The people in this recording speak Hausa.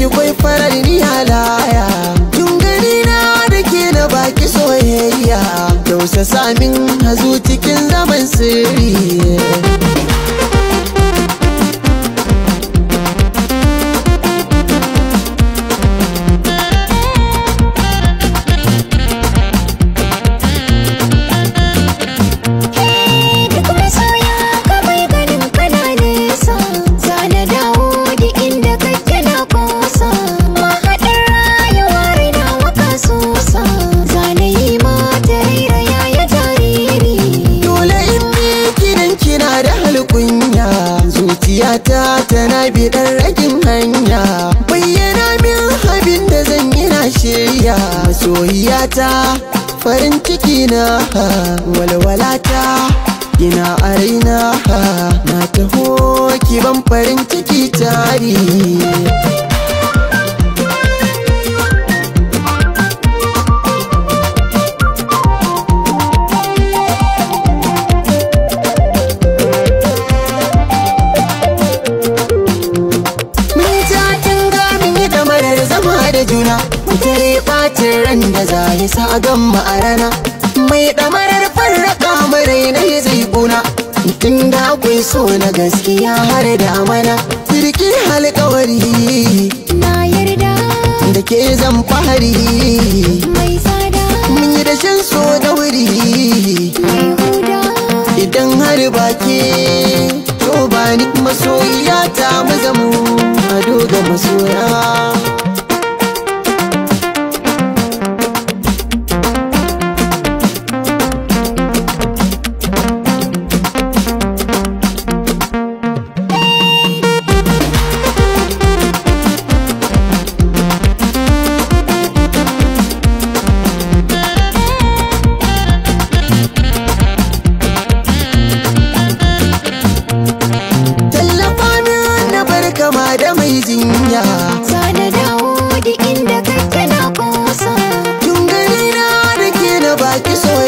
ki kwai farar ni halaya kin gani na da ke na baki soyayya sa samin hazu cikin zaman sirri ta tana dan ragin hanya bayyana min abin da zan yi na shirya masoyiyata farin ciki na walwalata ina a raina na taho ki ban farin ciki tari ɓacin ran da za sa a gan ma'arana mai ɗamarar farraka marai na zai kuna tun da akwai so na gaskiya har da amana sirki halkawari na yarda da ke zan fahari mai tsada mun yi dashen so da wuri idan har baki to ba ni masoyiya ta mazamu ado ga masoya yi jinya Sani dawo duk inda kake na kusa Tun gani na da ke na baki so